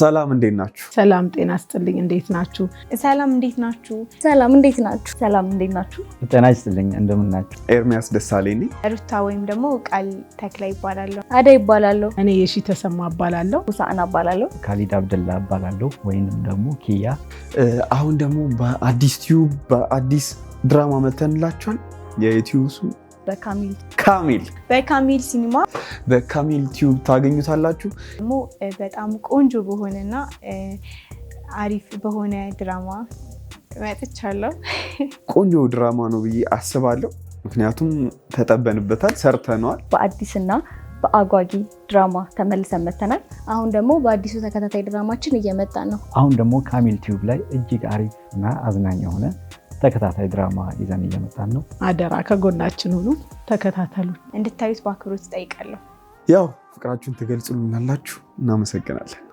ሰላም እንዴት ናችሁ? ሰላም ጤና ስጥልኝ። እንዴት ናችሁ? ሰላም እንዴት ናችሁ? ሰላም እንዴት ናችሁ? ሰላም እንዴት ናችሁ? ጤና ስጥልኝ። እንደምን ናችሁ? ኤርሚያስ ደሳለኝ ነኝ። ሩታ ወይም ደግሞ ቃል ተክላ ይባላለሁ። አዳ ይባላለሁ። እኔ የሺ ተሰማ እባላለሁ። ሁሳዕና እባላለሁ። ካሊድ አብደላ እባላለሁ ወይንም ደግሞ ኪያ። አሁን ደግሞ በአዲስ ቲዩብ በአዲስ ድራማ መተንላችኋል። የዩቲዩብ በካሚል ካሚል በካሚል ሲኒማ በካሚል ቲዩብ ታገኙታላችሁ። ደግሞ በጣም ቆንጆ በሆነና አሪፍ በሆነ ድራማ መጥቻለሁ። ቆንጆ ድራማ ነው ብዬ አስባለሁ። ምክንያቱም ተጠበንበታል፣ ሰርተነዋል። በአዲስና በአጓጊ ድራማ ተመልሰን መተናል። አሁን ደግሞ በአዲሱ ተከታታይ ድራማችን እየመጣ ነው። አሁን ደግሞ ካሚል ቲዩብ ላይ እጅግ አሪፍ እና አዝናኝ የሆነ ተከታታይ ድራማ ይዘን እየመጣን ነው። አደራ ከጎናችን ሁሉ ተከታተሉ። እንድታዩት በአክብሮት እጠይቃለሁ። ያው ፍቅራችሁን ትገልጹልናላችሁ። እናመሰግናለን።